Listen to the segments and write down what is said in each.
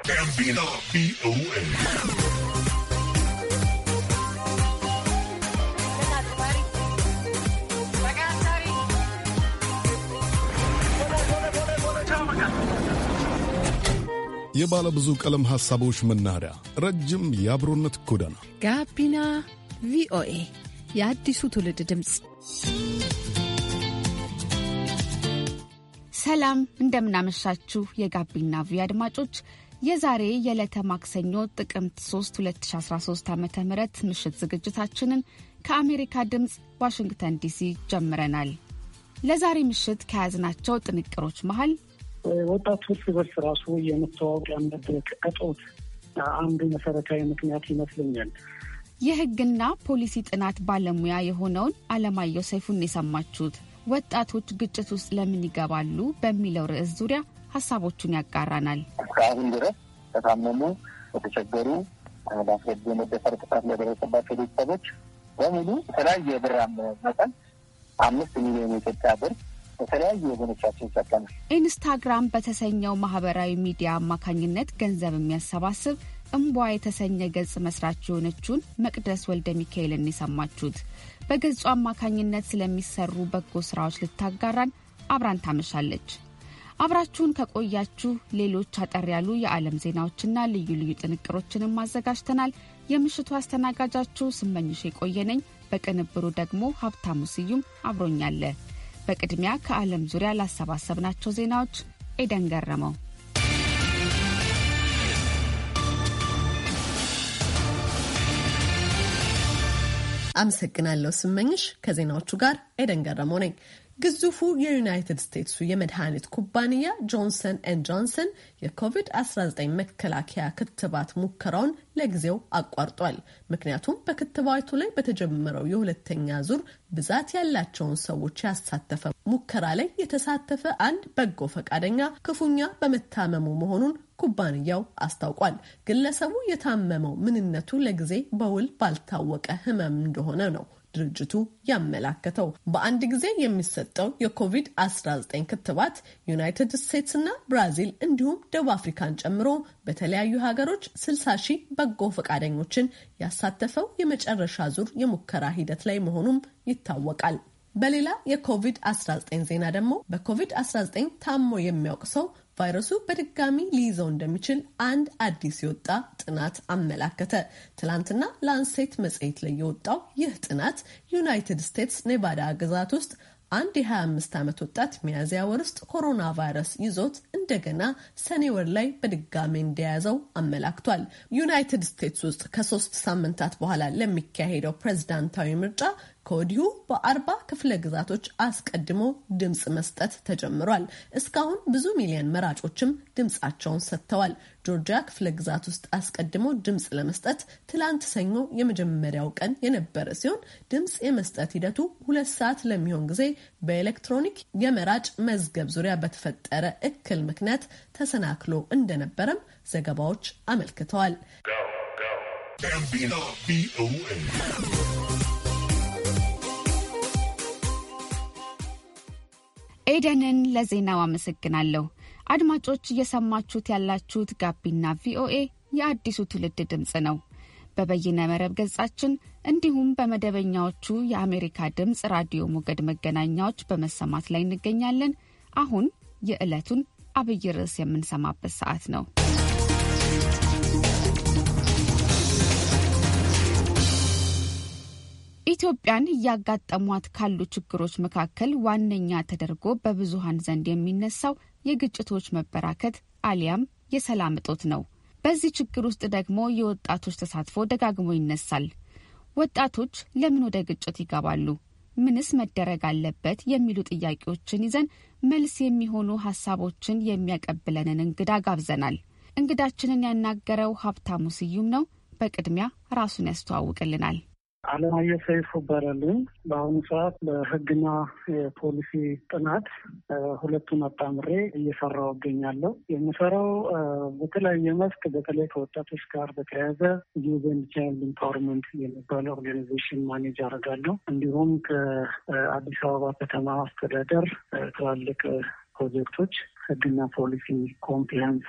የባለብዙ የባለ ብዙ ቀለም ሐሳቦች መናኸሪያ፣ ረጅም የአብሮነት ጎዳና ጋቢና ቪኦኤ የአዲሱ ትውልድ ድምፅ። ሰላም እንደምናመሻችሁ የጋቢና ቪ አድማጮች የዛሬ የዕለተ ማክሰኞ ጥቅምት 3 2013 ዓ ም ምሽት ዝግጅታችንን ከአሜሪካ ድምፅ ዋሽንግተን ዲሲ ጀምረናል። ለዛሬ ምሽት ከያዝናቸው ጥንቅሮች መሀል ወጣቱ እርስ በርስ ራሱ የመተዋወቂያ መድረክ እጦት አንዱ መሰረታዊ ምክንያት ይመስለኛል። የሕግና ፖሊሲ ጥናት ባለሙያ የሆነውን አለማየሁ ሰይፉን የሰማችሁት ወጣቶች ግጭት ውስጥ ለምን ይገባሉ በሚለው ርዕስ ዙሪያ ሀሳቦቹን ያጋራናል። እስከአሁን ድረስ ከታመሙ የተቸገሩ በአስገድዶ መደፈር ጥቃት ለደረሰባቸው ቤተሰቦች በሙሉ የተለያየ ብር መጠን አምስት ሚሊዮን የኢትዮጵያ ብር በተለያዩ ወገኖቻችን ይሰጠናል። ኢንስታግራም በተሰኘው ማህበራዊ ሚዲያ አማካኝነት ገንዘብ የሚያሰባስብ እምቧ የተሰኘ ገጽ መስራች የሆነችውን መቅደስ ወልደ ሚካኤልን የሰማችሁት በገጹ አማካኝነት ስለሚሰሩ በጎ ስራዎች ልታጋራን አብራን ታመሻለች። አብራችሁን ከቆያችሁ ሌሎች አጠር ያሉ የዓለም ዜናዎችና ልዩ ልዩ ጥንቅሮችንም አዘጋጅተናል። የምሽቱ አስተናጋጃችሁ ስመኝሽ የቆየነኝ። በቅንብሩ ደግሞ ሀብታሙ ስዩም አብሮኛለ። በቅድሚያ ከዓለም ዙሪያ ላሰባሰብናቸው ዜናዎች ኤደን ገረመው። አመሰግናለሁ ስመኝሽ። ከዜናዎቹ ጋር ኤደን ገረመው ነኝ። ግዙፉ የዩናይትድ ስቴትሱ የመድኃኒት ኩባንያ ጆንሰን ን ጆንሰን የኮቪድ-19 መከላከያ ክትባት ሙከራውን ለጊዜው አቋርጧል። ምክንያቱም በክትባቱ ላይ በተጀመረው የሁለተኛ ዙር ብዛት ያላቸውን ሰዎች ያሳተፈ ሙከራ ላይ የተሳተፈ አንድ በጎ ፈቃደኛ ክፉኛ በመታመሙ መሆኑን ኩባንያው አስታውቋል። ግለሰቡ የታመመው ምንነቱ ለጊዜ በውል ባልታወቀ ሕመም እንደሆነ ነው ድርጅቱ ያመላከተው። በአንድ ጊዜ የሚሰጠው የኮቪድ-19 ክትባት ዩናይትድ ስቴትስ እና ብራዚል እንዲሁም ደቡብ አፍሪካን ጨምሮ በተለያዩ ሀገሮች 60 ሺህ በጎ ፈቃደኞችን ያሳተፈው የመጨረሻ ዙር የሙከራ ሂደት ላይ መሆኑም ይታወቃል። በሌላ የኮቪድ-19 ዜና ደግሞ በኮቪድ-19 ታሞ የሚያውቅ ሰው ቫይረሱ በድጋሚ ሊይዘው እንደሚችል አንድ አዲስ የወጣ ጥናት አመላከተ። ትናንትና ላንሴት መጽሔት ላይ የወጣው ይህ ጥናት ዩናይትድ ስቴትስ ኔቫዳ ግዛት ውስጥ አንድ የ25 ዓመት ወጣት ሚያዝያ ወር ውስጥ ኮሮና ቫይረስ ይዞት እንደገና ሰኔ ወር ላይ በድጋሚ እንደያዘው አመላክቷል። ዩናይትድ ስቴትስ ውስጥ ከሶስት ሳምንታት በኋላ ለሚካሄደው ፕሬዝዳንታዊ ምርጫ ከወዲሁ በአርባ ክፍለ ግዛቶች አስቀድሞ ድምፅ መስጠት ተጀምሯል። እስካሁን ብዙ ሚሊዮን መራጮችም ድምፃቸውን ሰጥተዋል። ጆርጂያ ክፍለ ግዛት ውስጥ አስቀድሞ ድምፅ ለመስጠት ትላንት ሰኞ የመጀመሪያው ቀን የነበረ ሲሆን ድምፅ የመስጠት ሂደቱ ሁለት ሰዓት ለሚሆን ጊዜ በኤሌክትሮኒክ የመራጭ መዝገብ ዙሪያ በተፈጠረ እክል ምክንያት ተሰናክሎ እንደነበረም ዘገባዎች አመልክተዋል። ኤደንን ለዜናው አመሰግናለሁ። አድማጮች እየሰማችሁት ያላችሁት ጋቢና ቪኦኤ የአዲሱ ትውልድ ድምፅ ነው። በበይነ መረብ ገጻችን እንዲሁም በመደበኛዎቹ የአሜሪካ ድምፅ ራዲዮ ሞገድ መገናኛዎች በመሰማት ላይ እንገኛለን። አሁን የዕለቱን አብይ ርዕስ የምንሰማበት ሰዓት ነው። ኢትዮጵያን እያጋጠሟት ካሉ ችግሮች መካከል ዋነኛ ተደርጎ በብዙሀን ዘንድ የሚነሳው የግጭቶች መበራከት አሊያም የሰላም እጦት ነው። በዚህ ችግር ውስጥ ደግሞ የወጣቶች ተሳትፎ ደጋግሞ ይነሳል። ወጣቶች ለምን ወደ ግጭት ይገባሉ? ምንስ መደረግ አለበት? የሚሉ ጥያቄዎችን ይዘን መልስ የሚሆኑ ሀሳቦችን የሚያቀብለንን እንግዳ ጋብዘናል። እንግዳችንን ያናገረው ሀብታሙ ስዩም ነው። በቅድሚያ ራሱን ያስተዋውቅልናል። አለማየ ሰይፉ እባላለሁ። በአሁኑ ሰዓት በህግና የፖሊሲ ጥናት ሁለቱን አጣምሬ እየሰራው እገኛለሁ። የምሰራው በተለያየ መስክ በተለይ ከወጣቶች ጋር በተያያዘ ዩዘን ቻይልድ ኢምፓወርመንት የሚባለ ኦርጋናይዜሽን ማኔጅ አደርጋለሁ። እንዲሁም ከአዲስ አበባ ከተማ አስተዳደር ትላልቅ ፕሮጀክቶች ህግና ፖሊሲ ኮምፕላንስ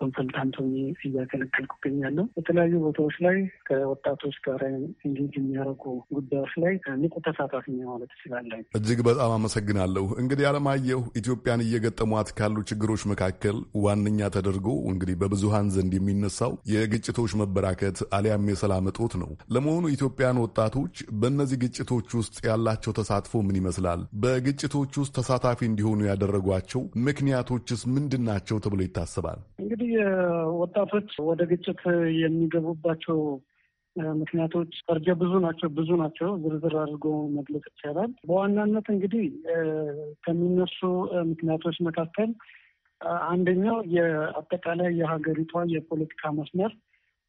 ኮንሰልታንት ሆኜ እያገለገልኩ እገኛለሁ። በተለያዩ ቦታዎች ላይ ከወጣቶች ጋር እንጌጅ የሚያደርጉ ጉዳዮች ላይ ንቁ ተሳታፊ ማለት እችላለሁ። እጅግ በጣም አመሰግናለሁ። እንግዲህ አለማየሁ ኢትዮጵያን እየገጠሟት ካሉ ችግሮች መካከል ዋነኛ ተደርጎ እንግዲህ በብዙሃን ዘንድ የሚነሳው የግጭቶች መበራከት አሊያም የሰላም እጦት ነው። ለመሆኑ ኢትዮጵያን ወጣቶች በእነዚህ ግጭቶች ውስጥ ያላቸው ተሳትፎ ምን ይመስላል? በግጭቶች ውስጥ ተሳታፊ እንዲሆኑ ያደረጓቸው ምክንያቶች ምክንያቶችስ ምንድን ናቸው ተብሎ ይታሰባል? እንግዲህ ወጣቶች ወደ ግጭት የሚገቡባቸው ምክንያቶች ፈርጀ ብዙ ናቸው ብዙ ናቸው። ዝርዝር አድርጎ መግለጽ ይቻላል። በዋናነት እንግዲህ ከሚነሱ ምክንያቶች መካከል አንደኛው የአጠቃላይ የሀገሪቷ የፖለቲካ መስመር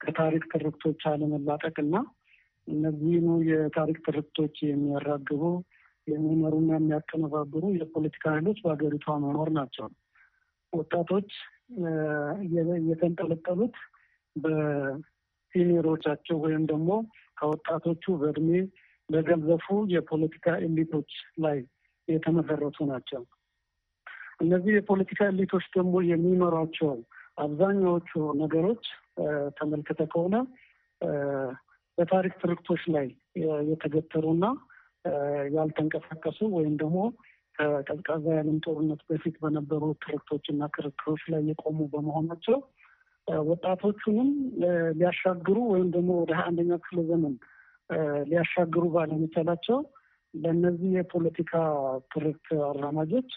ከታሪክ ትርክቶች አለመላጠቅ እና እነዚህኑ የታሪክ ትርክቶች የሚያራግቡ የሚመሩና የሚያቀነባብሩ የፖለቲካ ኃይሎች በሀገሪቷ መኖር ናቸው። ወጣቶች የተንጠለጠሉት በሲኒየሮቻቸው ወይም ደግሞ ከወጣቶቹ በእድሜ በገዘፉ የፖለቲካ ኤሊቶች ላይ የተመሰረቱ ናቸው። እነዚህ የፖለቲካ ኤሊቶች ደግሞ የሚመሯቸው አብዛኛዎቹ ነገሮች ተመልክተ ከሆነ በታሪክ ትርክቶች ላይ የተገተሩና ያልተንቀሳቀሱ ወይም ደግሞ ከቀዝቃዛ የዓለም ጦርነት በፊት በነበሩ ትርክቶች እና ክርክሮች ላይ የቆሙ በመሆናቸው ወጣቶቹንም ሊያሻግሩ ወይም ደግሞ ወደ አንደኛው ክፍለ ዘመን ሊያሻግሩ ባለመቻላቸው ለእነዚህ የፖለቲካ ትርክት አራማጆች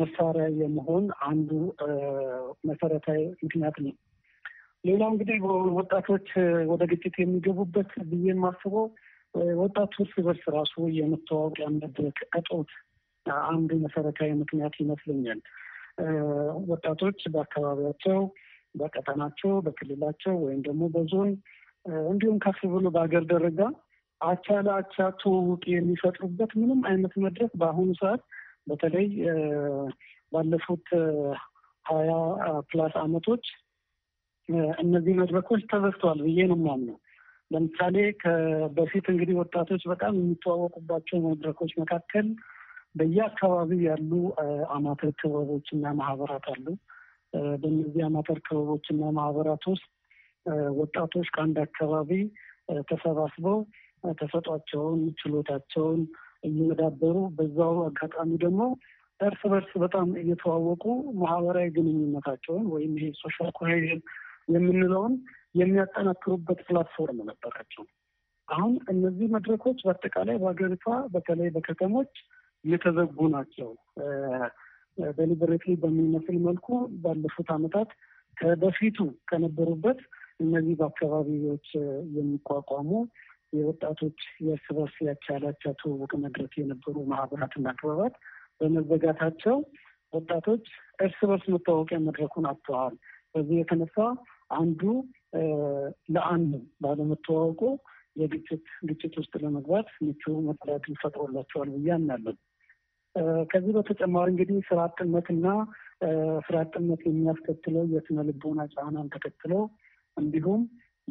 መሳሪያ የመሆን አንዱ መሰረታዊ ምክንያት ነው። ሌላ እንግዲህ ወጣቶች ወደ ግጭት የሚገቡበት ብዬ የማስበው ወጣቱ እርስ በርስ ራሱ የመተዋወቂያ መድረክ እጦት አንዱ መሰረታዊ ምክንያት ይመስለኛል። ወጣቶች በአካባቢያቸው፣ በቀጠናቸው፣ በክልላቸው ወይም ደግሞ በዞን እንዲሁም ከፍ ብሎ በሀገር ደረጃ አቻ ለአቻ ትውውቅ የሚፈጥሩበት ምንም አይነት መድረክ በአሁኑ ሰዓት በተለይ ባለፉት ሀያ ፕላስ አመቶች እነዚህ መድረኮች ተዘግተዋል ብዬ ነው የማምነው። ለምሳሌ በፊት እንግዲህ ወጣቶች በጣም የሚተዋወቁባቸው መድረኮች መካከል በየአካባቢው ያሉ አማተር ክበቦች እና ማህበራት አሉ። በእነዚህ አማተር ክበቦች እና ማህበራት ውስጥ ወጣቶች ከአንድ አካባቢ ተሰባስበው ተሰጧቸውን፣ ችሎታቸውን እየዳበሩ በዛው አጋጣሚ ደግሞ እርስ በርስ በጣም እየተዋወቁ ማህበራዊ ግንኙነታቸውን ወይም ይሄ ሶሻል ኮሄዥን የምንለውን የሚያጠናክሩበት ፕላትፎርም ነበራቸው። አሁን እነዚህ መድረኮች በአጠቃላይ በሀገሪቷ በተለይ በከተሞች የተዘጉ ናቸው። ዴሊበሬትሊ በሚመስል መልኩ ባለፉት ዓመታት ከበፊቱ ከነበሩበት እነዚህ በአካባቢዎች የሚቋቋሙ የወጣቶች የእርስ በርስ ያቻላቻ ትውውቅ መድረክ የነበሩ ማህበራትና ክበባት በመዘጋታቸው ወጣቶች እርስ በርስ መታወቂያ መድረኩን አጥተዋል። በዚህ የተነሳ አንዱ ለአንዱ ባለመተዋወቁ የግጭት ግጭት ውስጥ ለመግባት ምቹ መጠሪያ ፈጥሮላቸዋል ብዬ አምናለሁ። ከዚህ በተጨማሪ እንግዲህ ስራ አጥነትና ስራ አጥነት የሚያስከትለው የስነ ልቦና ጫናን ተከትሎ እንዲሁም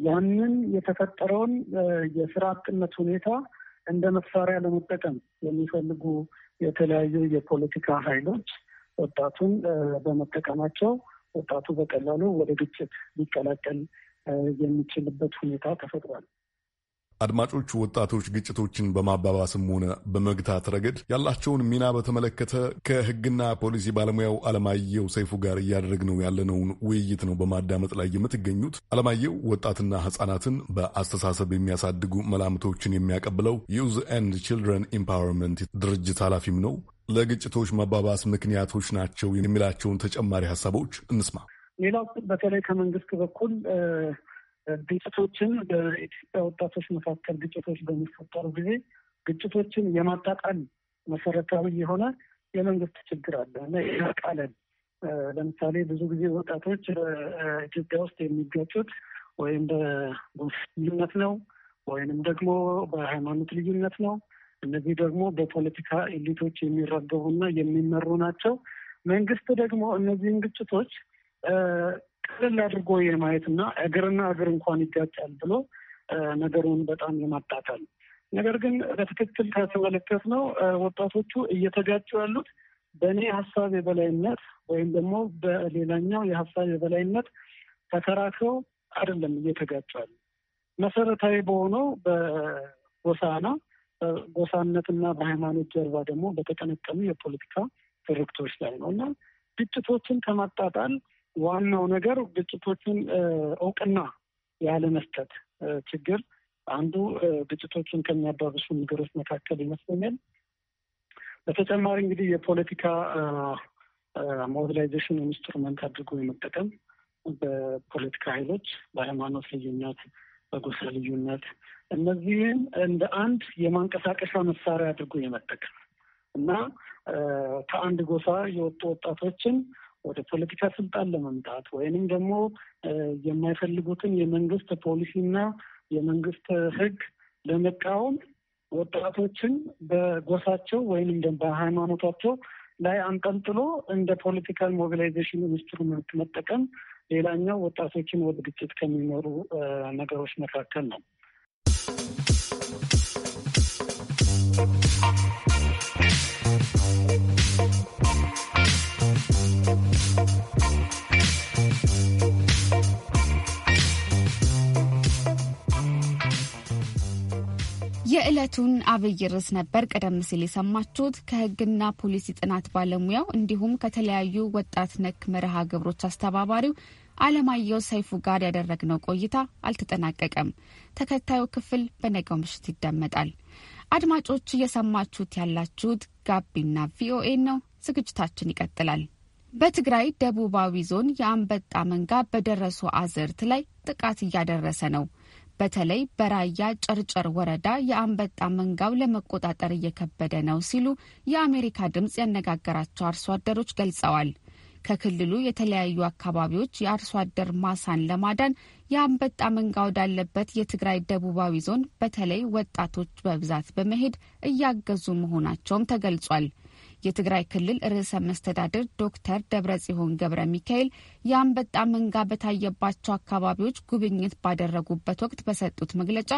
ያንን የተፈጠረውን የስራ አጥነት ሁኔታ እንደ መሳሪያ ለመጠቀም የሚፈልጉ የተለያዩ የፖለቲካ ኃይሎች ወጣቱን በመጠቀማቸው ወጣቱ በቀላሉ ወደ ግጭት ሊቀላቀል የሚችልበት ሁኔታ ተፈጥሯል። አድማጮቹ ወጣቶች ግጭቶችን በማባባስም ሆነ በመግታት ረገድ ያላቸውን ሚና በተመለከተ ከሕግና ፖሊሲ ባለሙያው አለማየሁ ሰይፉ ጋር እያደረግነው ያለነውን ውይይት ነው በማዳመጥ ላይ የምትገኙት። አለማየሁ ወጣትና ሕጻናትን በአስተሳሰብ የሚያሳድጉ መላምቶችን የሚያቀብለው ዩዝ ኤንድ ችልድረን ኢምፓወርመንት ድርጅት ኃላፊም ነው። ለግጭቶች መባባስ ምክንያቶች ናቸው የሚላቸውን ተጨማሪ ሀሳቦች እንስማ። ሌላው በተለይ ከመንግስት በኩል ግጭቶችን በኢትዮጵያ ወጣቶች መካከል ግጭቶች በሚፈጠሩ ጊዜ ግጭቶችን የማጣጣል መሰረታዊ የሆነ የመንግስት ችግር አለ እና የማቃለል ለምሳሌ ብዙ ጊዜ ወጣቶች ኢትዮጵያ ውስጥ የሚገጩት ወይም በጎሳ ልዩነት ነው ወይንም ደግሞ በሃይማኖት ልዩነት ነው። እነዚህ ደግሞ በፖለቲካ ኤሊቶች የሚረገቡና የሚመሩ ናቸው። መንግስት ደግሞ እነዚህን ግጭቶች ቀለል አድርጎ የማየትና እግርና እግር እንኳን ይጋጫል ብሎ ነገሩን በጣም የማጣጣል ነገር ግን በትክክል ከተመለከት ነው ወጣቶቹ እየተጋጩ ያሉት በእኔ ሀሳብ የበላይነት ወይም ደግሞ በሌላኛው የሀሳብ የበላይነት ተከራክረው አይደለም እየተጋጩ ያሉ መሰረታዊ በሆነው በጎሳና በጎሳነትና በሃይማኖት ጀርባ ደግሞ በተቀነቀኑ የፖለቲካ ትርክቶች ላይ ነው እና ግጭቶችን ከማጣጣል ዋናው ነገር ግጭቶቹን እውቅና ያለመስጠት ችግር አንዱ ግጭቶችን ከሚያባብሱ ነገሮች መካከል ይመስለኛል። በተጨማሪ እንግዲህ የፖለቲካ ሞቢላይዜሽን ኢንስትሩመንት አድርጎ የመጠቀም በፖለቲካ ኃይሎች በሃይማኖት ልዩነት፣ በጎሳ ልዩነት እነዚህን እንደ አንድ የማንቀሳቀሻ መሳሪያ አድርጎ የመጠቀም እና ከአንድ ጎሳ የወጡ ወጣቶችን ወደ ፖለቲካ ስልጣን ለመምጣት ወይንም ደግሞ የማይፈልጉትን የመንግስት ፖሊሲና የመንግስት ህግ ለመቃወም ወጣቶችን በጎሳቸው ወይንም ደግሞ በሃይማኖታቸው ላይ አንጠልጥሎ እንደ ፖለቲካል ሞቢላይዜሽን ኢንስትሩመንት መጠቀም ሌላኛው ወጣቶችን ወደ ግጭት ከሚኖሩ ነገሮች መካከል ነው። የዕለቱን አብይ ርዕስ ነበር ቀደም ሲል የሰማችሁት። ከሕግና ፖሊሲ ጥናት ባለሙያው እንዲሁም ከተለያዩ ወጣት ነክ መርሃ ግብሮች አስተባባሪው አለማየሁ ሰይፉ ጋር ያደረግነው ቆይታ አልተጠናቀቀም። ተከታዩ ክፍል በነገው ምሽት ይደመጣል። አድማጮች፣ እየሰማችሁት ያላችሁት ጋቢና ቪኦኤ ነው። ዝግጅታችን ይቀጥላል። በትግራይ ደቡባዊ ዞን የአንበጣ መንጋ በደረሱ አዝርት ላይ ጥቃት እያደረሰ ነው። በተለይ በራያ ጨርጨር ወረዳ የአንበጣ መንጋው ለመቆጣጠር እየከበደ ነው ሲሉ የአሜሪካ ድምፅ ያነጋገራቸው አርሶ አደሮች ገልጸዋል። ከክልሉ የተለያዩ አካባቢዎች የአርሶ አደር ማሳን ለማዳን የአንበጣ መንጋ ወዳለበት የትግራይ ደቡባዊ ዞን በተለይ ወጣቶች በብዛት በመሄድ እያገዙ መሆናቸውም ተገልጿል። የትግራይ ክልል ርዕሰ መስተዳድር ዶክተር ደብረጽዮን ገብረ ሚካኤል የአንበጣ መንጋ በታየባቸው አካባቢዎች ጉብኝት ባደረጉበት ወቅት በሰጡት መግለጫ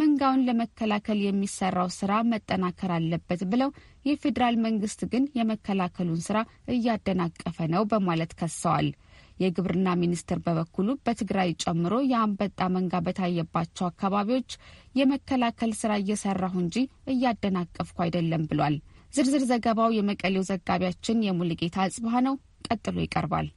መንጋውን ለመከላከል የሚሰራው ስራ መጠናከር አለበት ብለው የፌዴራል መንግስት ግን የመከላከሉን ስራ እያደናቀፈ ነው በማለት ከሰዋል። የግብርና ሚኒስቴር በበኩሉ በትግራይ ጨምሮ የአንበጣ መንጋ በታየባቸው አካባቢዎች የመከላከል ስራ እየሰራሁ እንጂ እያደናቀፍኩ አይደለም ብሏል። ዝርዝር ዘገባው የመቀሌው ዘጋቢያችን የሙልጌታ አጽብሃ ነው። ቀጥሎ ይቀርባል።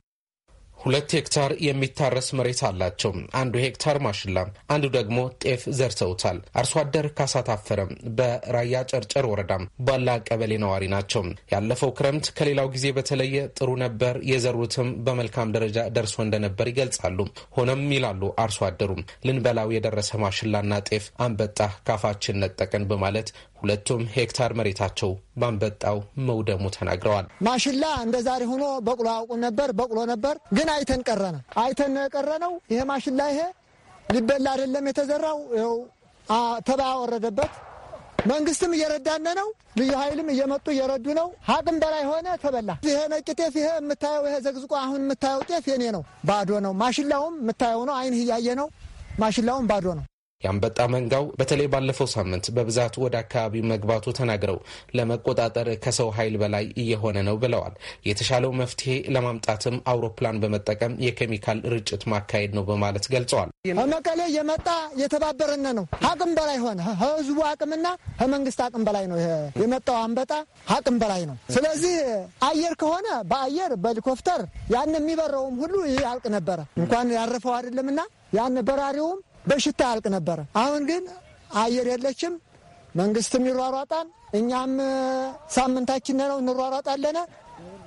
ሁለት ሄክታር የሚታረስ መሬት አላቸው። አንዱ ሄክታር ማሽላ፣ አንዱ ደግሞ ጤፍ ዘርተውታል። አርሶ አደር ካሳ ታፈረም በራያ ጨርጨር ወረዳም ባላ ቀበሌ ነዋሪ ናቸው። ያለፈው ክረምት ከሌላው ጊዜ በተለየ ጥሩ ነበር፣ የዘሩትም በመልካም ደረጃ ደርሶ እንደነበር ይገልጻሉ። ሆነም ይላሉ አርሶ አደሩም ልንበላው የደረሰ ማሽላና ጤፍ አንበጣ ካፋችን ነጠቀን በማለት ሁለቱም ሄክታር መሬታቸው ባንበጣው መውደሙ ተናግረዋል። ማሽላ እንደ ዛሬ ሆኖ በቅሎ አውቁን ነበር፣ በቅሎ ነበር ግን አይተን ቀረነ አይተን ነው ይሄ ማሽላ ይሄ ሊበላ አይደለም የተዘራው ይኸው ተባ ወረደበት። መንግስትም እየረዳነ ነው። ልዩ ኃይልም እየመጡ እየረዱ ነው። ሀቅም በላይ ሆነ፣ ተበላ። ይሄ ነጭ ጤፍ ይሄ የምታየው ይሄ ዘግዝቆ አሁን የምታየው ጤፍ የኔ ነው፣ ባዶ ነው። ማሽላውም የምታየው ነው። አይንህ እያየ ነው። ማሽላውም ባዶ ነው። የአንበጣ መንጋው በተለይ ባለፈው ሳምንት በብዛት ወደ አካባቢው መግባቱ ተናግረው ለመቆጣጠር ከሰው ኃይል በላይ እየሆነ ነው ብለዋል። የተሻለው መፍትሄ ለማምጣትም አውሮፕላን በመጠቀም የኬሚካል ርጭት ማካሄድ ነው በማለት ገልጸዋል። መቀሌ የመጣ የተባበረነ ነው። አቅም በላይ ሆነ። ህዝቡ አቅምና ከመንግስት አቅም በላይ ነው የመጣው አንበጣ አቅም በላይ ነው። ስለዚህ አየር ከሆነ በአየር በሄሊኮፕተር ያን የሚበረውም ሁሉ ይህ ያልቅ ነበረ እንኳን ያረፈው አይደለምና ያን በራሪውም በሽታ ያልቅ ነበረ። አሁን ግን አየር የለችም። መንግስትም ይሯሯጣል፣ እኛም ሳምንታችን ነው እንሯሯጣለን።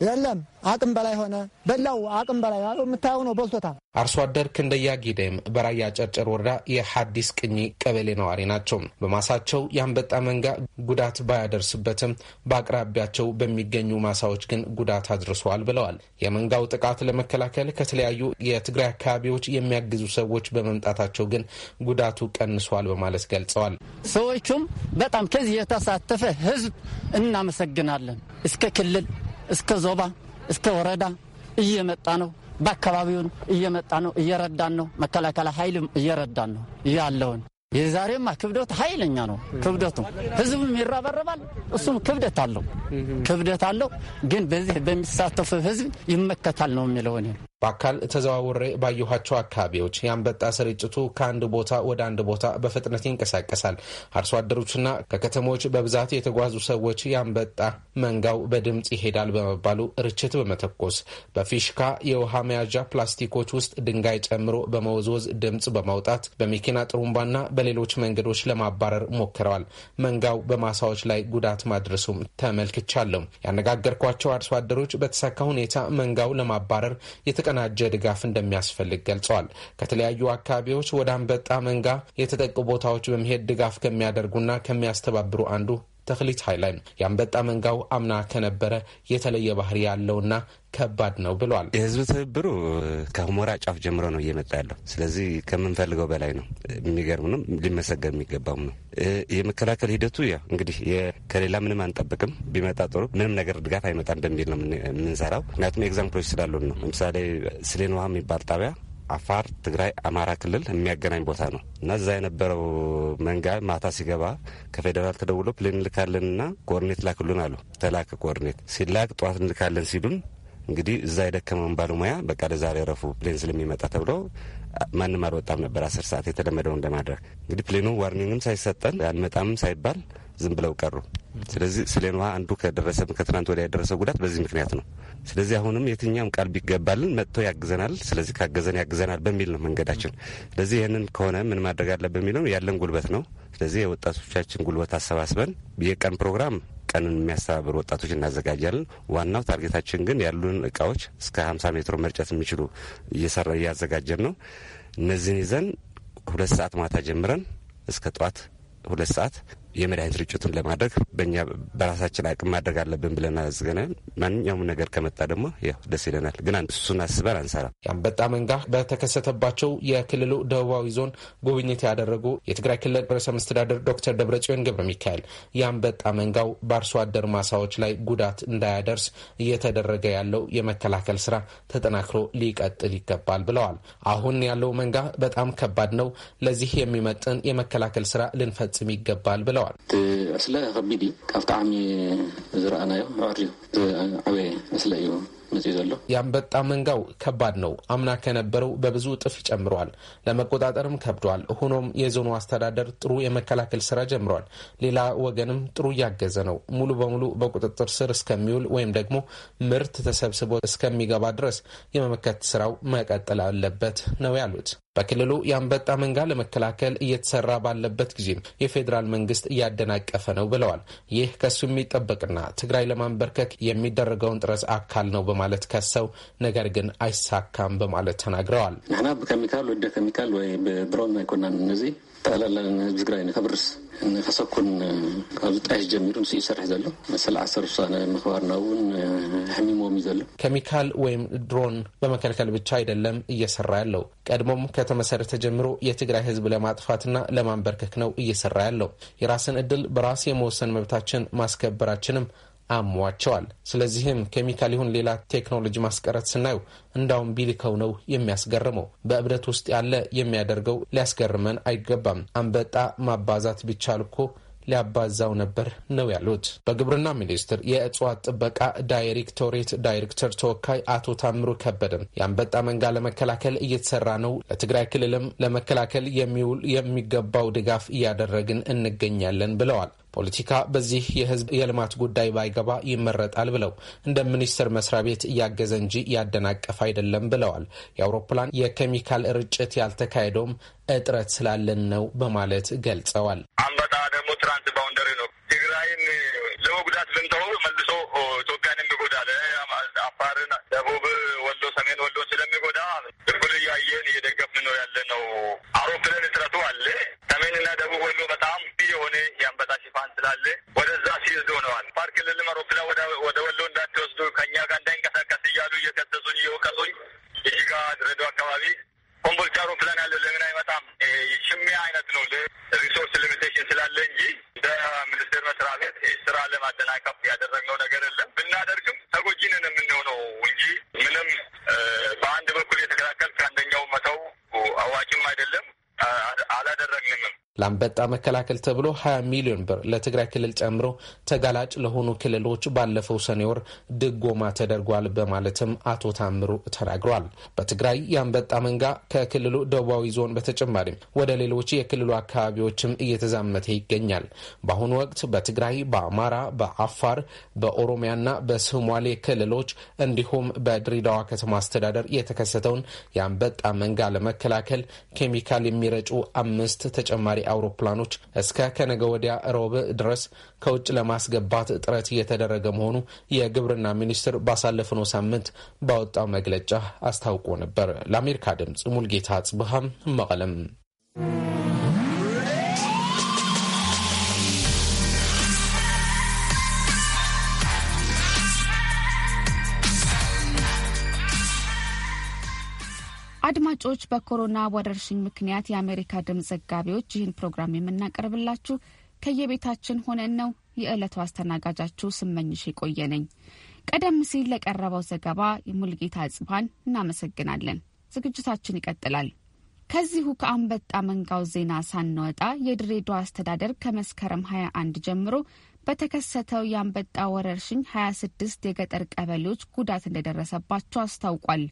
የለም አቅም በላይ ሆነ በላው አቅም በላይ የምታየው ነው በልቶታ አርሶ አደር ክንደያ ጊደም በራያ ጨርጨር ወረዳ የሐዲስ ቅኝ ቀበሌ ነዋሪ ናቸው። በማሳቸው የአንበጣ መንጋ ጉዳት ባያደርስበትም በአቅራቢያቸው በሚገኙ ማሳዎች ግን ጉዳት አድርሰዋል ብለዋል። የመንጋው ጥቃት ለመከላከል ከተለያዩ የትግራይ አካባቢዎች የሚያግዙ ሰዎች በመምጣታቸው ግን ጉዳቱ ቀንሷል በማለት ገልጸዋል። ሰዎቹም በጣም ከዚህ የተሳተፈ ህዝብ እናመሰግናለን እስከ ክልል እስከ ዞባ እስከ ወረዳ እየመጣ ነው። በአካባቢውን እየመጣ ነው። እየረዳን ነው። መከላከያ ኃይልም እየረዳን ነው ያለውን የዛሬማ ክብደት ኃይለኛ ነው። ክብደቱ ህዝቡም ይረበረባል። እሱም ክብደት አለው ክብደት አለው። ግን በዚህ በሚሳተፉ ህዝብ ይመከታል ነው የሚለው እኔ በአካል ተዘዋውሬ ባየኋቸው አካባቢዎች የአንበጣ ስርጭቱ ከአንድ ቦታ ወደ አንድ ቦታ በፍጥነት ይንቀሳቀሳል። አርሶ አደሮችና ከከተሞች በብዛት የተጓዙ ሰዎች የአንበጣ መንጋው በድምፅ ይሄዳል በመባሉ ርችት በመተኮስ በፊሽካ የውሃ መያዣ ፕላስቲኮች ውስጥ ድንጋይ ጨምሮ በመወዝወዝ ድምፅ በማውጣት በመኪና ጥሩምባና በሌሎች መንገዶች ለማባረር ሞክረዋል። መንጋው በማሳዎች ላይ ጉዳት ማድረሱም ተመልክቻለሁ። ያነጋገርኳቸው አርሶ አደሮች በተሳካ ሁኔታ መንጋው ለማባረር የተቀናጀ ድጋፍ እንደሚያስፈልግ ገልጸዋል። ከተለያዩ አካባቢዎች ወደ አንበጣ መንጋ የተጠቁ ቦታዎች በመሄድ ድጋፍ ከሚያደርጉና ከሚያስተባብሩ አንዱ ተክሊት ኃይሌም የአንበጣ መንጋው አምና ከነበረ የተለየ ባህሪ ያለውና ከባድ ነው ብሏል። የህዝብ ትብብሩ ከሁመራ ጫፍ ጀምሮ ነው እየመጣ ያለው። ስለዚህ ከምንፈልገው በላይ ነው። የሚገርምንም ሊመሰገን የሚገባም ነው። የመከላከል ሂደቱ ያ እንግዲህ ከሌላ ምንም አንጠብቅም። ቢመጣ ጥሩ ምንም ነገር ድጋፍ አይመጣም በሚል ነው የምንሰራው። ምክንያቱም ኤግዛምፕሎች ስላሉን ነው። ለምሳሌ ስሌን ውሃ የሚባል ጣቢያ አፋር፣ ትግራይ፣ አማራ ክልል የሚያገናኝ ቦታ ነው እና እዛ የነበረው መንጋ ማታ ሲገባ ከፌዴራል ተደውሎ ፕሌን እንልካለን ና ኮርኔት ላክሉን አሉ። ተላከ። ኮርኔት ሲላክ ጠዋት እንልካለን ሲሉን እንግዲህ እዛ የደከመውን ባለሙያ በቃ ለዛሬ ረፉ ፕሌን ስለሚመጣ ተብሎ ማንም አልወጣም ነበር። አስር ሰዓት የተለመደውን ለማድረግ እንግዲህ ፕሌኑ ዋርኒንግም ሳይሰጠን አንመጣምም ሳይባል ዝም ብለው ቀሩ። ስለዚህ ሰሌን ውሃ አንዱ ከደረሰ ከትናንት ወዲያ የደረሰው ጉዳት በዚህ ምክንያት ነው። ስለዚህ አሁንም የትኛውም ቃል ቢገባልን መጥቶ ያግዘናል። ስለዚህ ካገዘን ያግዘናል በሚል ነው መንገዳችን። ስለዚህ ይህንን ከሆነ ምን ማድረግ አለ በሚለው ያለን ጉልበት ነው። ስለዚህ የወጣቶቻችን ጉልበት አሰባስበን የቀን ፕሮግራም ቀንን የሚያስተባብሩ ወጣቶች እናዘጋጃለን። ዋናው ታርጌታችን ግን ያሉን እቃዎች እስከ 50 ሜትሮ መርጨት የሚችሉ እየሰራ እያዘጋጀን ነው። እነዚህን ይዘን ሁለት ሰዓት ማታ ጀምረን እስከ ጠዋት ሁለት ሰዓት የመድኃኒት ርጭቱን ለማድረግ በእኛ በራሳችን አቅም ማድረግ አለብን ብለን አዝገናል። ማንኛውም ነገር ከመጣ ደግሞ ያው ደስ ይለናል፣ ግን እሱን አስበን አንሰራም። የአንበጣ መንጋ በተከሰተባቸው የክልሉ ደቡባዊ ዞን ጉብኝት ያደረጉ የትግራይ ክልል ርዕሰ መስተዳደር ዶክተር ደብረጽዮን ገብረ ሚካኤል የአንበጣ መንጋው በአርሶ አደር ማሳዎች ላይ ጉዳት እንዳያደርስ እየተደረገ ያለው የመከላከል ስራ ተጠናክሮ ሊቀጥል ይገባል ብለዋል። አሁን ያለው መንጋ በጣም ከባድ ነው። ለዚህ የሚመጥን የመከላከል ስራ ልንፈጽም ይገባል ብለዋል። ኢለዋል እቲ ዕስለ ከቢድ እዩ ካብ ብጣዕሚ ዝረአናዮ ዕርዩ ዓበየ ዕስለ እዩ እዚህ ዘሎ የአንበጣ መንጋው ከባድ ነው። አምና ከነበረው በብዙ እጥፍ ጨምሯል። ለመቆጣጠርም ከብዷል። ሆኖም የዞኑ አስተዳደር ጥሩ የመከላከል ስራ ጀምሯል። ሌላ ወገንም ጥሩ እያገዘ ነው። ሙሉ በሙሉ በቁጥጥር ስር እስከሚውል ወይም ደግሞ ምርት ተሰብስቦ እስከሚገባ ድረስ የመመከት ስራው መቀጠል አለበት ነው ያሉት። በክልሉ የአንበጣ መንጋ ለመከላከል እየተሰራ ባለበት ጊዜም የፌዴራል መንግስት እያደናቀፈ ነው ብለዋል። ይህ ከሱ የሚጠበቅና ትግራይ ለማንበርከክ የሚደረገውን ጥረት አካል ነው በማ በማለት ከሰው ነገር ግን አይሳካም በማለት ተናግረዋል። ና ብከሚካል ወደ ከሚካል ወይ ብብሮን ኣይኮናን እነዚህ ጠቕላለን ትግራይ ንከብርስ ንከሰኩን ኣብዚ ጣይሽ ጀሚሩ ንስ ይሰርሕ ዘሎ መሰለ ዓሰር ውሳነ ምክባርና እውን ሕሚሞም እዩ ዘሎ ኬሚካል ወይም ድሮን በመከልከል ብቻ አይደለም እየሰራ ያለው ቀድሞም ከተመሰረተ ጀምሮ የትግራይ ህዝብ ለማጥፋትና ለማንበርከክ ነው እየሰራ ያለው የራስን እድል በራስ የመወሰን መብታችን ማስከበራችንም አሟቸዋል። ስለዚህም ኬሚካል ይሁን ሌላ ቴክኖሎጂ ማስቀረት ስናየው እንዳውም ቢልከው ነው የሚያስገርመው። በእብደት ውስጥ ያለ የሚያደርገው ሊያስገርመን አይገባም። አንበጣ ማባዛት ቢቻል እኮ ሊያባዛው ነበር ነው ያሉት። በግብርና ሚኒስቴር የእጽዋት ጥበቃ ዳይሬክቶሬት ዳይሬክተር ተወካይ አቶ ታምሩ ከበደም የአንበጣ መንጋ ለመከላከል እየተሰራ ነው፣ ለትግራይ ክልልም ለመከላከል የሚውል የሚገባው ድጋፍ እያደረግን እንገኛለን ብለዋል። ፖለቲካ በዚህ የህዝብ የልማት ጉዳይ ባይገባ ይመረጣል ብለው እንደ ሚኒስቴር መስሪያ ቤት እያገዘ እንጂ ያደናቀፍ አይደለም ብለዋል። የአውሮፕላን የኬሚካል ርጭት ያልተካሄደውም እጥረት ስላለን ነው በማለት ገልጸዋል። አንበጣ ደግሞ ትራንስ ባውንደሪ ነው። ትግራይን ለመጉዳት ብንተው መልሶ ኢትዮጵያን የሚጎዳል። አፋርን፣ ደቡብ ነው ያለ ነው። አውሮፕላን እጥረቱ አለ። ሰሜንና ደቡብ ወሎ በጣም የሆነ የአንበጣ ሽፋን ስላለ ወደዛ ሲይዝ ሆነዋል። ፓርክ ልልም አውሮፕላን ወደ ወሎ እንዳትወስዱ ከእኛ ጋር እንዳይንቀሳቀስ እያሉ እየከሰሱኝ እየወቀሱኝ እጅጋ ድሬዳዋ አካባቢ ኮምቦልቻ አውሮፕላን ያለ ለምን አይመጣም? ሽሚያ አይነት ነው። ሪሶርስ ሊሚቴሽን ስላለ እንጂ እንደ ሚኒስቴር መስሪያ ቤት ስራ ለማደናቀፍ ያደረግነው ነገር የለም። ለአንበጣ መከላከል ተብሎ 20 ሚሊዮን ብር ለትግራይ ክልል ጨምሮ ተጋላጭ ለሆኑ ክልሎች ባለፈው ሰኔ ወር ድጎማ ተደርጓል በማለትም አቶ ታምሩ ተናግሯል። በትግራይ የአንበጣ መንጋ ከክልሉ ደቡባዊ ዞን በተጨማሪም ወደ ሌሎች የክልሉ አካባቢዎችም እየተዛመተ ይገኛል። በአሁኑ ወቅት በትግራይ፣ በአማራ፣ በአፋር፣ በኦሮሚያና በሶማሌ ክልሎች እንዲሁም በድሬዳዋ ከተማ አስተዳደር የተከሰተውን የአንበጣ መንጋ ለመከላከል ኬሚካል የሚረጩ አምስት ተጨማሪ አውሮፕላኖች እስከ ከነገ ወዲያ ሮብ ድረስ ከውጭ ለማስገባት ጥረት እየተደረገ መሆኑ የግብርና ሚኒስቴር ባሳለፍነው ሳምንት ባወጣው መግለጫ አስታውቆ ነበር። ለአሜሪካ ድምፅ ሙልጌታ አጽብሃም መቀለም አድማጮች፣ በኮሮና ወረርሽኝ ምክንያት የአሜሪካ ድምፅ ዘጋቢዎች ይህን ፕሮግራም የምናቀርብላችሁ ከየቤታችን ሆነን ነው። የዕለቱ አስተናጋጃችሁ ስመኝሽ የቆየ ነኝ። ቀደም ሲል ለቀረበው ዘገባ የሙልጌታ ጽባን እናመሰግናለን። ዝግጅታችን ይቀጥላል። ከዚሁ ከአንበጣ መንጋው ዜና ሳንወጣ የድሬዳዋ አስተዳደር ከመስከረም 21 ጀምሮ በተከሰተው የአንበጣ ወረርሽኝ 26 የገጠር ቀበሌዎች ጉዳት እንደደረሰባቸው አስታውቋል።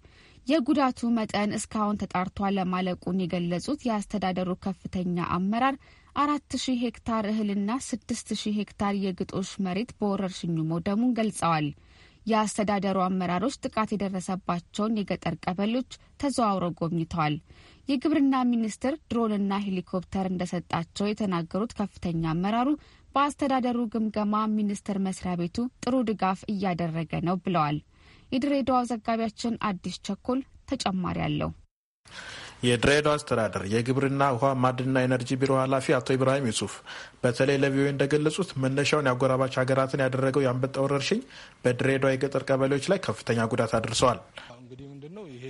የጉዳቱ መጠን እስካሁን ተጣርቷ ለማለቁን የገለጹት የአስተዳደሩ ከፍተኛ አመራር አራት ሺህ ሄክታር እህልና ስድስት ሺህ ሄክታር የግጦሽ መሬት በወረርሽኙ መውደሙን ገልጸዋል። የአስተዳደሩ አመራሮች ጥቃት የደረሰባቸውን የገጠር ቀበሌዎች ተዘዋውረው ጎብኝተዋል። የግብርና ሚኒስቴር ድሮንና ሄሊኮፕተር እንደሰጣቸው የተናገሩት ከፍተኛ አመራሩ በአስተዳደሩ ግምገማ ሚኒስቴር መስሪያ ቤቱ ጥሩ ድጋፍ እያደረገ ነው ብለዋል። የድሬዳዋ ዘጋቢያችን አዲስ ቸኮል ተጨማሪ አለው። የድሬዳዋ አስተዳደር የግብርና ውሃ ማዕድንና ኤነርጂ ቢሮ ኃላፊ አቶ ኢብራሂም ዩሱፍ በተለይ ለቪኦኤ እንደገለጹት መነሻውን የአጎራባች ሀገራትን ያደረገው የአንበጣ ወረርሽኝ በድሬዳዋ የገጠር ቀበሌዎች ላይ ከፍተኛ ጉዳት አድርሰዋል። እንግዲህ ምንድን ነው ይሄ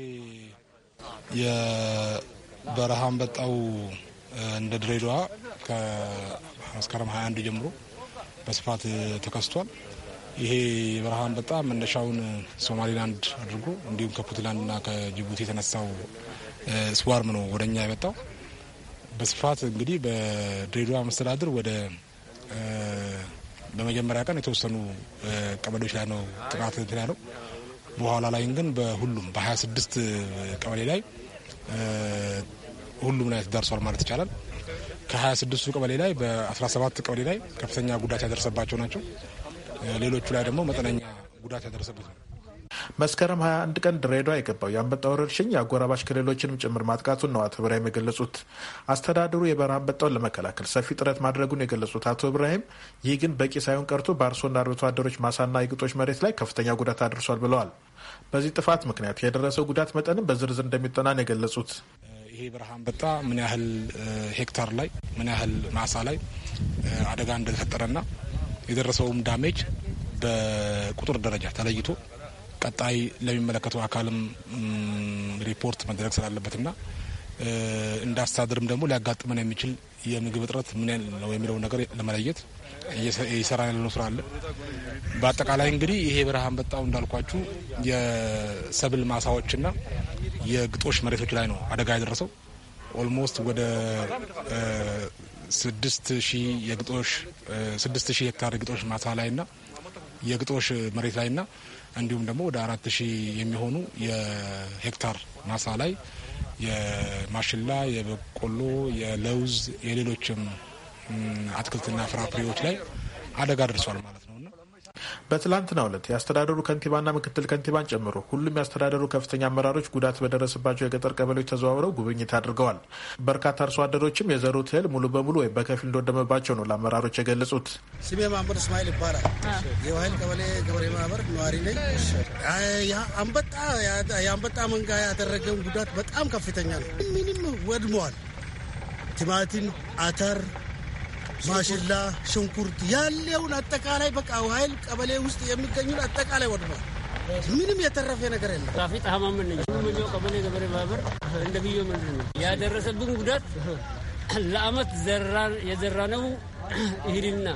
የበረሃ አንበጣው እንደ ድሬዳዋ ከመስከረም 21 ጀምሮ በስፋት ተከስቷል። ይሄ በረሃ አንበጣ መነሻውን ሶማሊላንድ አድርጎ እንዲሁም ከፑንትላንድና ከጅቡቲ የተነሳው ስዋርም ነው ወደ እኛ የመጣው በስፋት እንግዲህ በድሬዳዋ መስተዳድር ወደ በመጀመሪያ ቀን የተወሰኑ ቀበሌዎች ላይ ነው ጥቃት እንትን ያለው። በኋላ ላይ ግን በሁሉም በ26 ቀበሌ ላይ ሁሉም ላይ ተዳርሷል ማለት ይቻላል። ከ26ቱ ቀበሌ ላይ በ17 ቀበሌ ላይ ከፍተኛ ጉዳት ያደረሰባቸው ናቸው። ሌሎቹ ላይ ደግሞ መጠነኛ ጉዳት ያደረሰበት ነው። መስከረም 21 ቀን ድሬዳዋ የገባው የአንበጣ ወረርሽኝ የአጎራባሽ ክልሎችንም ጭምር ማጥቃቱን ነው አቶ ብራሂም የገለጹት። አስተዳደሩ የበረሃ አንበጣውን ለመከላከል ሰፊ ጥረት ማድረጉን የገለጹት አቶ ብራሂም ይህ ግን በቂ ሳይሆን ቀርቶ በአርሶና አርብቶ አደሮች ማሳና የግጦሽ መሬት ላይ ከፍተኛ ጉዳት አድርሷል ብለዋል። በዚህ ጥፋት ምክንያት የደረሰው ጉዳት መጠንም በዝርዝር እንደሚጠናን የገለጹት ይሄ በረሃ አንበጣ ምን ያህል ሄክታር ላይ ምን ያህል ማሳ ላይ አደጋ እንደተፈጠረና የደረሰውም ዳሜጅ በቁጥር ደረጃ ተለይቶ ቀጣይ ለሚመለከተው አካልም ሪፖርት መደረግ ስላለበትና እንዳስታድርም ደግሞ ሊያጋጥመን የሚችል የምግብ እጥረት ምን ነው የሚለውን ነገር ለመለየት እየሰራ ያለነው ስራ አለ። በአጠቃላይ እንግዲህ ይሄ በረሃ አንበጣው እንዳልኳችሁ የሰብል ማሳዎችና የግጦሽ መሬቶች ላይ ነው አደጋ የደረሰው። ኦልሞስት ወደ ስድስት ሺህ ሄክታር ግጦሽ ማሳ ና የግጦሽ መሬት ላይና እንዲሁም ደግሞ ወደ አራት ሺህ የሚሆኑ የሄክታር ማሳ ላይ የማሽላ፣ የበቆሎ፣ የለውዝ፣ የሌሎችም አትክልትና ፍራፍሬዎች ላይ አደጋ ደርሷል ማለት ነው። በትላንትናው ዕለት የአስተዳደሩ ከንቲባና ምክትል ከንቲባን ጨምሮ ሁሉም የአስተዳደሩ ከፍተኛ አመራሮች ጉዳት በደረሰባቸው የገጠር ቀበሌዎች ተዘዋውረው ጉብኝት አድርገዋል። በርካታ አርሶ አደሮችም የዘሩት እህል ሙሉ በሙሉ ወይም በከፊል እንደወደመባቸው ነው ለአመራሮች የገለጹት። ስሜ ማንበር እስማኤል ይባላል። የውሀይል ቀበሌ ገበሬ ማህበር ነዋሪ ነኝ። የአንበጣ መንጋ ያደረገውን ጉዳት በጣም ከፍተኛ ነው። ምንም ወድመዋል። ቲማቲም፣ አተር ማሽላ፣ ሽንኩርት ያለውን አጠቃላይ በቃ ኃይል ቀበሌ ውስጥ የሚገኙን አጠቃላይ ወድሟል። ምንም የተረፈ ነገር የለም። ጣፊ ጣማምን ነኝ ቀበሌ ገበሬ ማህበር እንደ ብዮ ምንድን ነው ያደረሰብን ጉዳት ለአመት የዘራነው እህልና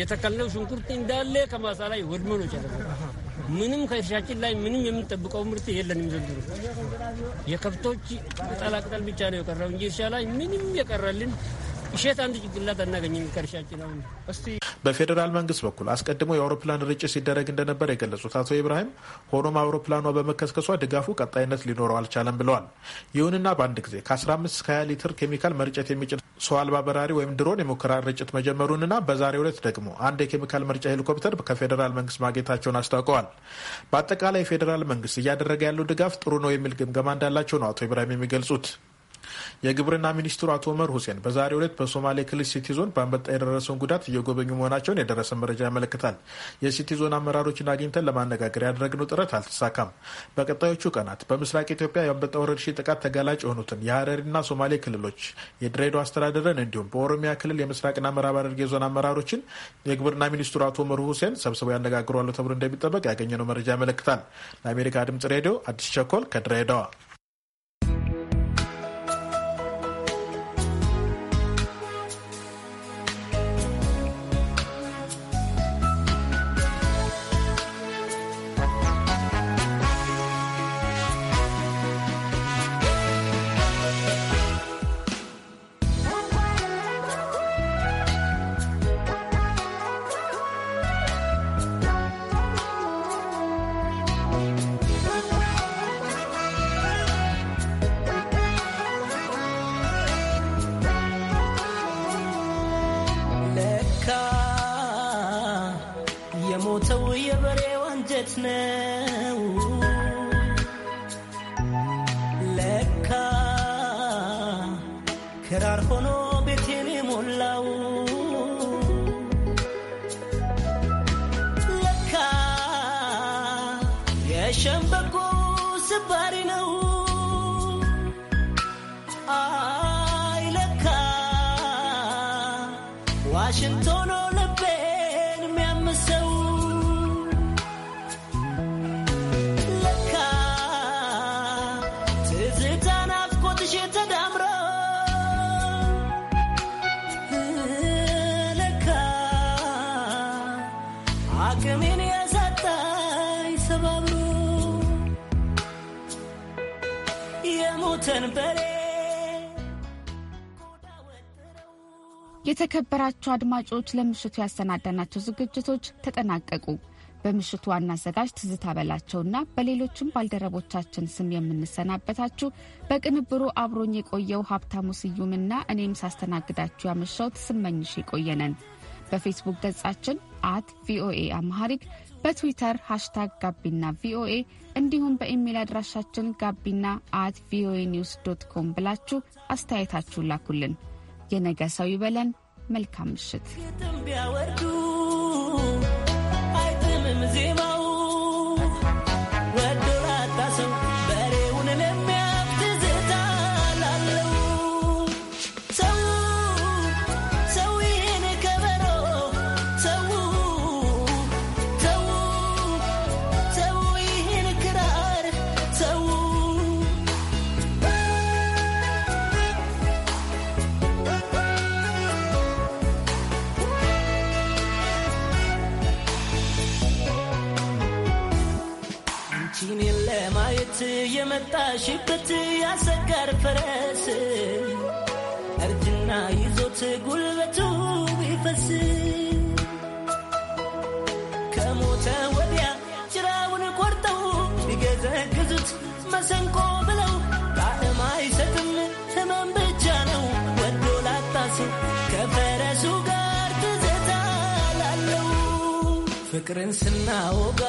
የተከልነው ሽንኩርት እንዳለ ከማሳ ላይ ወድሞ ነው ጨረሰ። ምንም ከእርሻችን ላይ ምንም የምንጠብቀው ምርት የለንም። ዘንድሮ የከብቶች ቅጠላቅጠል ብቻ ነው የቀረው እንጂ እርሻ ላይ ምንም የቀረልን እሸት አንድ ጭንቅላት አናገኝም ከእርሻችን በፌዴራል መንግስት በኩል አስቀድሞ የአውሮፕላን ርጭት ሲደረግ እንደነበር የገለጹት አቶ ኢብራሂም ሆኖም አውሮፕላኗ በመከስከሷ ድጋፉ ቀጣይነት ሊኖረው አልቻለም ብለዋል። ይሁንና በአንድ ጊዜ ከ15 እስከ 20 ሊትር ኬሚካል መርጨት የሚጭን ሰው አልባ በራሪ ወይም ድሮን የሙከራ ርጭት መጀመሩንና በዛሬው ዕለት ደግሞ አንድ የኬሚካል መርጫ ሄሊኮፕተር ከፌዴራል መንግስት ማግኘታቸውን አስታውቀዋል። በአጠቃላይ የፌዴራል መንግስት እያደረገ ያለው ድጋፍ ጥሩ ነው የሚል ግምገማ እንዳላቸው ነው አቶ ኢብራሂም የሚገልጹት። የግብርና ሚኒስትሩ አቶ ኦመር ሁሴን በዛሬው ዕለት በሶማሌ ክልል ሲቲ ዞን በአንበጣ የደረሰውን ጉዳት እየጎበኙ መሆናቸውን የደረሰ መረጃ ያመለክታል። የሲቲ ዞን አመራሮችን አግኝተን ለማነጋገር ያደረግነው ጥረት አልተሳካም። በቀጣዮቹ ቀናት በምስራቅ ኢትዮጵያ የአንበጣ ወረርሽኝ ጥቃት ተጋላጭ የሆኑትን የሀረሪና ሶማሌ ክልሎች የድሬዳዋ አስተዳደርን እንዲሁም በኦሮሚያ ክልል የምስራቅና ምዕራብ ሐረርጌ ዞን አመራሮችን የግብርና ሚኒስትሩ አቶ ኦመር ሁሴን ሰብስበው ያነጋግሯሉ ተብሎ እንደሚጠበቅ ያገኘነው መረጃ ያመለክታል። ለአሜሪካ ድምጽ ሬዲዮ አዲስ ቸኮል ከድሬዳዋ ውሸት ነው ለካ ክራር ሆኖ ቤቴን የሞላው ለካ የሸምበቆ ስባሪ ተሰባብሮ የሞተን በሬ አድማጮች ለምሽቱ ያሰናዳናቸው ዝግጅቶች ተጠናቀቁ። በምሽቱ ዋና አዘጋጅ ትዝታ በላቸውና በሌሎችም ባልደረቦቻችን ስም የምንሰናበታችሁ በቅንብሩ አብሮኝ የቆየው ሀብታሙ ስዩምና እኔም ሳስተናግዳችሁ ያመሻውት ስመኝሽ የቆየነን። በፌስቡክ ገጻችን አት ቪኦኤ አምሃሪክ በትዊተር ሃሽታግ ጋቢና ቪኦኤ እንዲሁም በኢሜይል አድራሻችን ጋቢና አት ቪኦኤ ኒውስ ዶት ኮም ብላችሁ አስተያየታችሁን ላኩልን። የነገ ሰው ይበለን። መልካም ምሽት። ሽበት ያሰጋር ፈረስ እርጅና ይዞት ጉልበቱ ቢፈስ ከሞተ ወዲያ ጭራውን ቆርጠው ቢገዘግዙት መሰንቆ ብለው ጣዕም አይሰጥም ህመም ብቻ ነው ወዶ ላጣሱ ከፈረሱ ጋር ትዘታ ላለው ፍቅርን ስናወጋ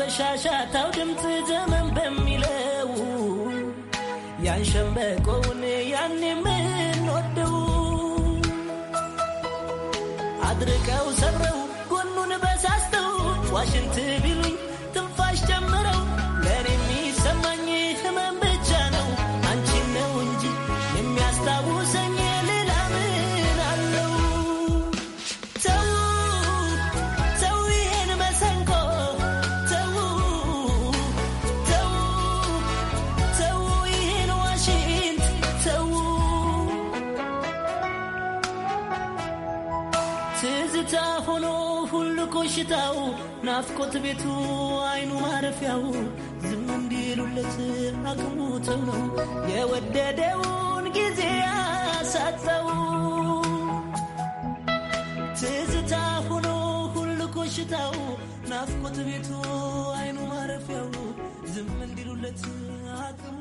በሻሻታው ድምፅ ዘመን በም ያን ሸምበቆውን ያን የምንወደው አድርቀው ሰብረው ጎኑን በሳስተው ዋሽንት ሽታው ናፍቆት ቤቱ አይኑ ማረፊያው ዝም እንዲሉለት አቅሙ ተው ነው የወደደውን ጊዜ ያሳጣው ትዝታ ሆኖ ሁሉ ኮሽታው ናፍቆት ቤቱ አይኑ ማረፊያው ዝም እንዲሉለት አቅሙ